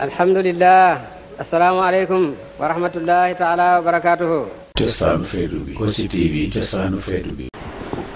alhamdulillah asalaamaaleykum wa rahmatullahi taala wa barakaatuhu. cosaanu feetu bi Kossy TV cosaanu feetu bi.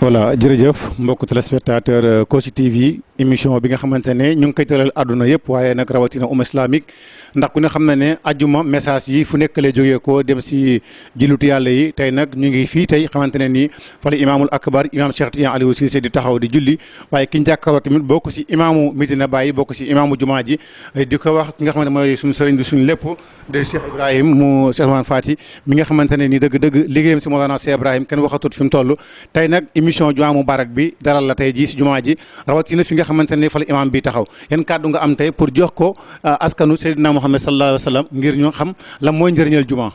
voilà jërëjëf mbokk téléspectateur euh, Kossy TV. émission bi nga xamantene ñu ngi koy tëral àdduna yëpp waaye nag rawatina um islamique ndax ku ne xam na ne ajuma message yi fu nekk lay jógee ko dem si jilutu yàlla yi tey nag ñu ngi fii tey xamantene ni nii fale imaamul akbar imam Cheikh Tidiane Aliou Cissé di taxaw di julli waaye ki ñu tamit bokk si imamu Medina Baye bokk si imamu juma ji di ko wax ki nga xamante mooy suñu sëriñ bi suñu lépp de Cheikh Ibrahim mu Cheikh man Fati mi nga xamantene ni nii dëgg-dëgg liggéeyam si Mawlana Cheikh Ibrahim kenn waxatut fi mu toll tey nag émission mu barak bi dalal la tey ji si juma ji rawatina fi nga xamante ne imaam bi taxaw yan kàddu nga am tey pour jox ko euh, askanu Seydina Muhammad sallallahu alayhi wa sallam ngir ñu xam lan mooy njëriñal juma.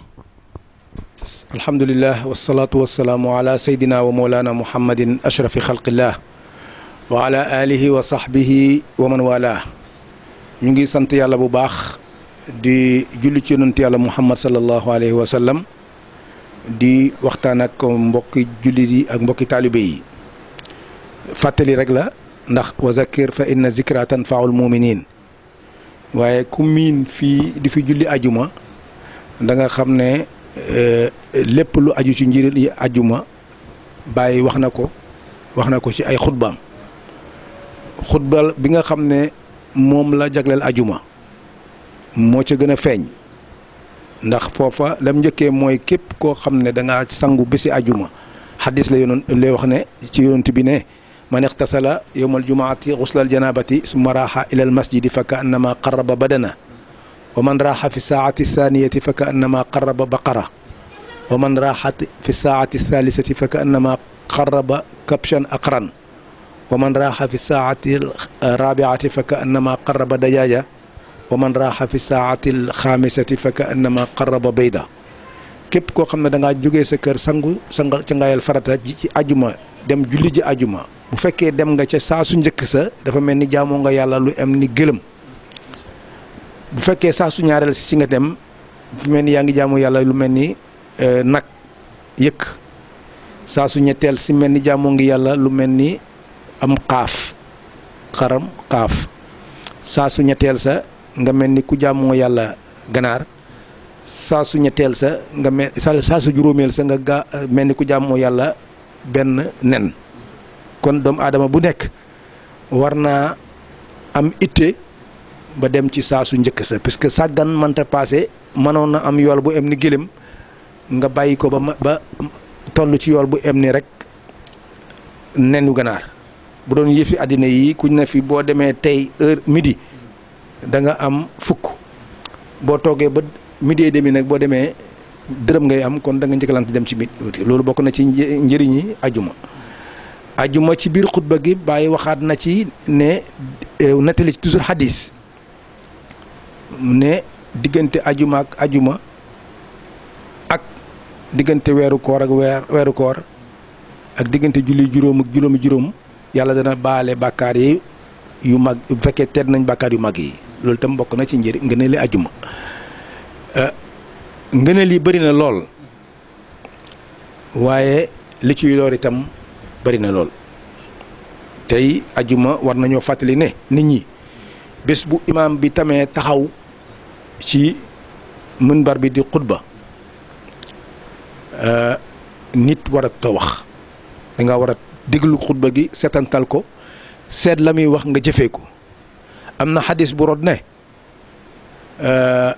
alhamdulilah wasalaatu wasalaamu ala Seydina wa Mawlana wa man wala ñu ngi sant yàlla bu baax di julli ci yonent yàlla Muhammad sallallahu alayhi wa sallam di waxtaan mbokki jullit yi ak mbokki taalibe yi fàttali rek ndax wa zakkir fa inna zikra tanfa'u al muminin waye ku min fi di fi julli aljuma da nga xamne ne lépp lu aju ci njëriñ yi ajuma bàyyi waxnako na ci ay xutbaam khutbal bi nga xamne mom la jaglel aljuma mo ci gëna feñ ndax fofa lam njëkkee moy kep ko xamne da nga sangu bisi aljuma hadith la yonon le wax ne ci yonent bi ne من اغتسل يوم الجمعة غسل الجنابة ثم راح إلى المسجد فكأنما قرب بدنه ومن راح في الساعة الثانية فكأنما قرب بقرة ومن راح في الساعة الثالثة فكأنما قرب كبشا أقرا ومن راح في الساعة الرابعة فكأنما قرب دجاجة ومن راح في الساعة الخامسة فكأنما قرب بيضة كيف كو خمنا دا جوغي ngaa jógee sa kër sangu sangal ca ngaayal farata ji ci ajuma bu fekkee dem nga ca saa su njëkk sa dafa mel ni jaamoo nga yàlla lu am ni gëlëm bu fekkee saa su ñaareel si nga dem fu mel ni yaa ngi jaamoo yàlla lu mel ni eh, nag yëkk saa ñetteel si mel ni jaamoo ngi yàlla lu mel ni am xaaf xaram xaaf saa su ñetteel sa nga mel ni ku jaamoo yàlla ganaar saa su ñetteel sa nga mel saa su sa nga ga mel ni ku jaamoo yàlla benn nen kon dom adama bu nek warna am ité ba dem ci saa su njëkk sa puisque man ta passé am yool bu em ni nga bayiko ba ba tollu ci yool bu em ni rek nenu ganar bu doon yefi adina yi kuñ na fi bo démé tay heure midi da nga am fukk bo togué ba midi demi nak bo démé deureum ngay am kon da nga dem ci midi lolu bokku na ci njëriñi aljuma ajuma ci biir xutba gi bàyyi waxaat na ci ne eh, nettali ci toujours hadis ne diggante ajuma ak ajuma ak diggante weeru koor ak weer weeru koor ak diggante julli juróom ak juróomi juróom yàlla dana baale bàkkaar yi yu mag bu fekkee teet nañ bàkkaar yu mag yi loolu tam bokk na ci njëriñ ngëneel li ajuma eh, ngëneel yi bëri na lool waaye li ciy loor itam bari na lool tey ajuma war nañoo fàttali ne nit ñi bés bu imaam bi tamee taxaw ci minbar bi di xutba euh, nit war a wax danga nga war déglu xutba gi seetantal ko seet la muy wax nga jëfee ko am na xadis bu rod ne euh,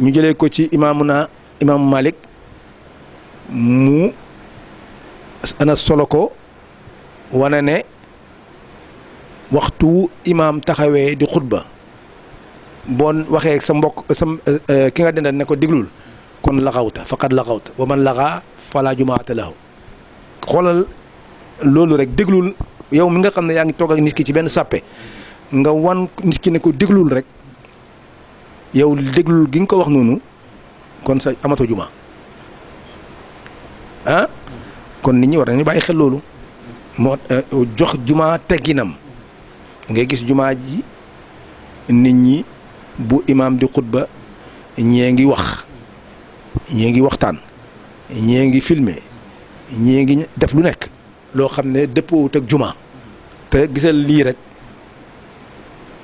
ñu jëlee ko ci imaamuna imaamu Malik mu ana solo ko wanane ne waxtu imam taxawé di khutba bon ak sa mbokk sa eh, eh, ki nga dëndal ne ko diglul kon laxawta faqad laxawta wa man laxa fala jumaata lahu xolal lolu rek diglul yow mi nga xamné yaangi yaa ak nit ki ci ben sappé nga wan nit ki ne ko diglul rek yow diglul gi nga ko wax nonu kon sa amato juma ah kon nit ñi war nañu bàyyi xel lolu جوخ جمعة تجينم نجيس جمعة جي نيني بو إمام دي خطبة نيجي وخ نيجي وقتان نيجي فيلم نيجي دفلونك لو خمنا دبو تك جمعة تجلس ليرك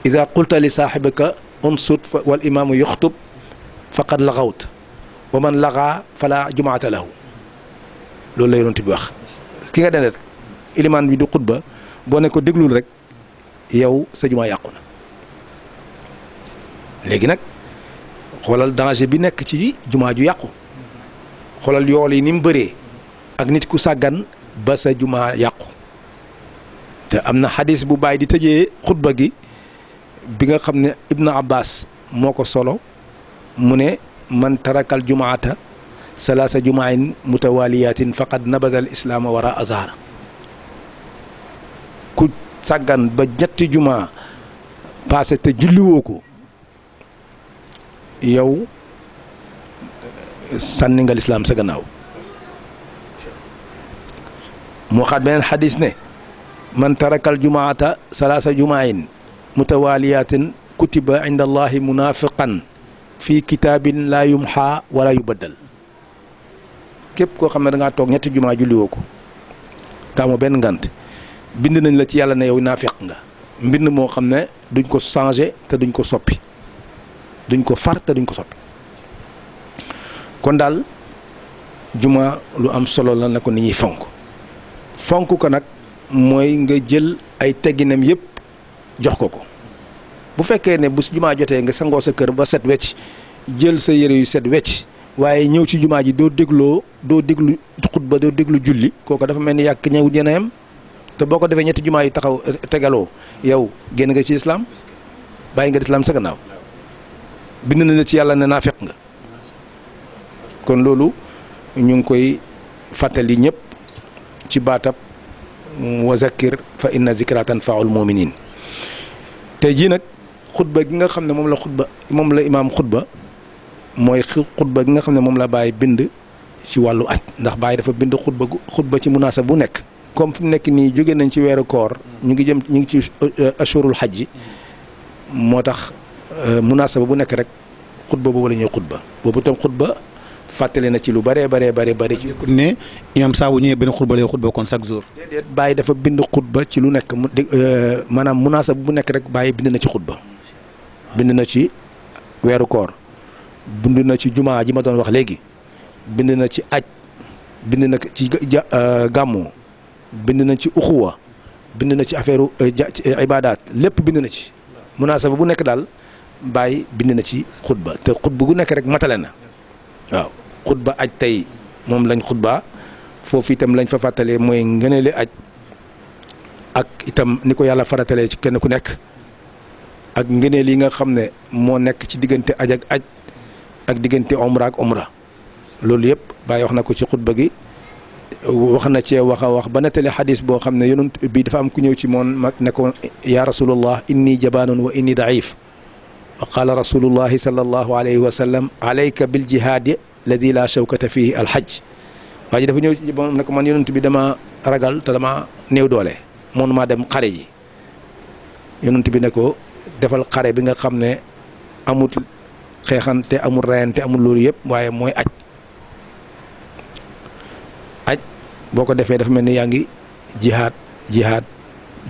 إذا قلت لصاحبك انصت والإمام يخطب فقد لغوت ومن لغى فلا جمعة له لولا يرون تبوخ كي غادي ilimaan bi di xutba boo ne ko déglul rek yow sa jumaa yàqu na léegi nag xoolal danger bi nekk ci jumaa ju yàqu xoolal yool yi ni mu bëree ak nit ku sàggan ba sa jumaa yàqu te am na xadis bu bàyyi di tëjee xutba gi bi nga xam ne Ibn Abbas moo ko solo mu ne man tarakal jumaata salaasa jumaayin mutawaliyaatin faqad nabadal islaama wara azara ku sagan ba ñetti juma passé te julli woko yow eh, sanni nga l'islam sa gannaaw mu xat beneen hadith ne man tarakal jumaata salasa jumaa'in mutawaliyatin kutiba inda allahi munafiqan fi kitabin laa yumxaa wala yubaddal kep ko xamne da nga tok ñetti juma julli woko tamo ben ngant bind nañ la ci yàlla ne yow naafeq nga mbind moo xam ne duñ ko changé te duñ ko soppi duñ ko far te duñ ko soppi kon daal juma lu am solo la na ko nit ñuy fonk fonk ko nag mooy nga jël ay tegginam yëpp jox ko ko bu fekkee ne bu jumaa jotee nga sangoo sa kër ba set wecc jël sa yére yu set wecc waaye ñëw ci jumaa ji doo dégloo doo déglu xutba doo déglu julli kooku dafa mel ni yàq ñëwut yéen a yam te boo ko defee ñetti jumaa yi taxaw eh, tegaloo yow génn nga ci islam bàyyi nga islam sa gannaaw bind na la ci yàlla ne naa fekk nga kon loolu ñu ngi koy fàttali ñépp ci baatab mm, wa zakir fa inna zikra tanfaul muminin tey jii nag xutba gi nga xam ne moom la xutba moom la imaam xutba mooy xutba gi nga xam ne moom la bàyyi bind ci wàllu aj ndax bàyyi dafa bind xutba xutba ci munaasab bu nekk comme fi mu nekk nii jóge nañ ci weeru koor ñu ngi jëm ñu ngi ci euh, ashurul hajj moo tax euh, munasaba bu nekk rek xutba boobu la ñuy xutba boobu tam xutba fàttali na ci lu bëree bëree bëri bëri. ci ne ñoom saa bu ñëwee benn xutba lay xutba kon chaque jour. déedéet bàyyi dafa bind xutba ci lu nekk mu euh, maanaam munasaba bu nekk rek bàyyi bind na ci xutba bind na ci weeru koor bind na ci jumaa ji ma doon wax léegi bind na ci aj bind na ci gàmmu bind na ci uxuwa bind na ci affaire euh, ci euh, ibaadaat lépp bind na ci munaasaba bu nekk daal bàyyi bind na ci xutba te xutba gu nekk rek matale na waaw xutba aj tey moom lañ xutba foofu itam lañ fa fàttalee mooy ngëneele aj ak itam ni ko yàlla faratalee ci kenn ku nekk ak ngëneel yi nga xam ne moo nekk ci diggante aj ak aj ak diggante omra ak omra loolu yëpp bàyyi wax na ko ci xutba gi wax na cee wax a wax ba nettali xadis boo xam ne yonent bi dafa am ku ñëw ci moom mag ne ko yaa rasulullah inni jabaanun wa inni daif wa qaala rasulullahi sallallahu alayhi wa sallam alayka bil waa ji dafa ñëw ci moom ne ko man yonent bi dama ragal te dama néew doole mun maa dem xare ji yonent bi ne ko defal xare bi nga xam ne amut xeexante amul rayante amul loolu yëpp waaye mooy aj boo ko defee dafa mel ni yaa ngi jihaad jihaad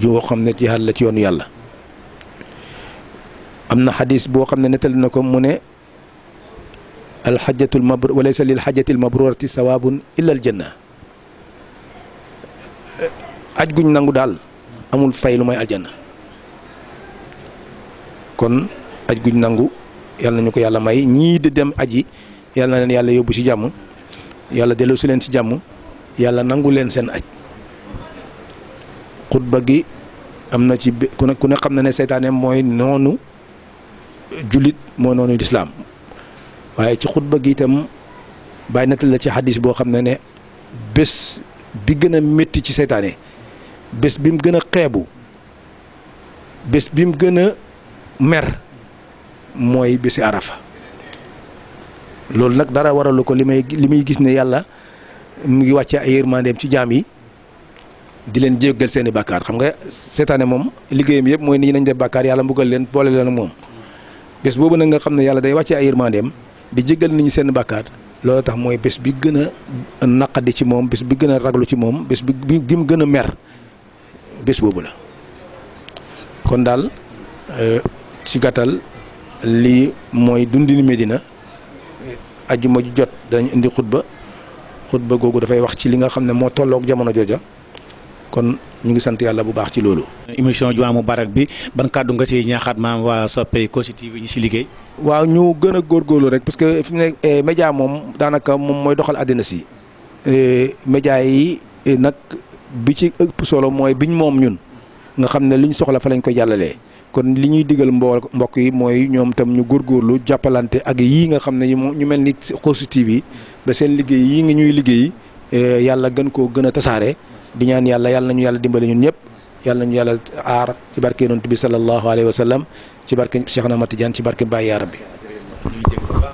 ju xam ne jihaad la ci yoonu yàlla am na xadis boo xam ne nettali na ko mu ne alxajatul mabru wa laysa lil xajatil mabrurati sawaabun illa al aj guñ nangu daal amul fay lu may aljanna kon aj guñ nangu yàlla nañu ko yàlla may ñii di dem aji yàlla leen yàlla yóbbu ci jàmm yàlla delloo si leen ci jàmm يالا نانغو لين سين اج خطبه جي امنا سي كنا كنا ني سيطان موي نونو جوليت مو نونو الاسلام واي سي خطبه جي تام باي نتل لا سي حديث بو خامنا ني بس بي غنا متي سي سيطان بس بيم غنا خيبو بس بيم غنا مر موي بيسي عرفه لول نك دارا وارالوكو لي مي لي مي غيس ني يالا mu ngi wacce ay yermandem ci jami di len djegal seen i xam nga cette année mom yëpp yeb moy ni nagn def bàkkaar yalla mbugal len bolé len mom bes bobu nag nga xamne yalla day wacce ay yermandem di djegal nit ñi seen bàkkaar loolu tax moy bes bi gën naqadi ci mom bes bi gën raglu ci mom bes bi dim mer bes bobu la kon dal euh, ci gatal li moy dundini Medina aljuma ju jot dañ indi khutba ba googu dafay wax ci li nga xam ne moo tolloog jamono jooja kon ñu ngi sant yàlla bu baax ci loolu. émission jumaa mubarak bi ban kàddu nga ci ñaaxaat maam waa soppe Kossy TV ñu si liggéey. waaw ñu gën a góorgóorlu rek parce que fi mu ne eh, média moom daanaka moom mooy doxal àddina si. Eh, média yi eh, nag bi ci ëpp solo mooy biñ moom ñun nga xam ne luñ soxla fa lañ koy jàllalee. kon li ñuy digal mbool mbokk yi mooy ñoom tam ñu góorgóorlu jàppalante ak yii nga xam ne ñu mel ni Kossy TV ba seen liggéey yii nga ñuy liggéey eh, yàlla gën koo gën a tasaare di ñaan yàlla yàlla ñu yàlla dimbali ñun ñëpp yàlla nañu yàlla aar ci barke yonent bi sallallahu alayhi wa sallam ci barke Cheikh Ahmad Tidiane ci barke Baye Yaram bi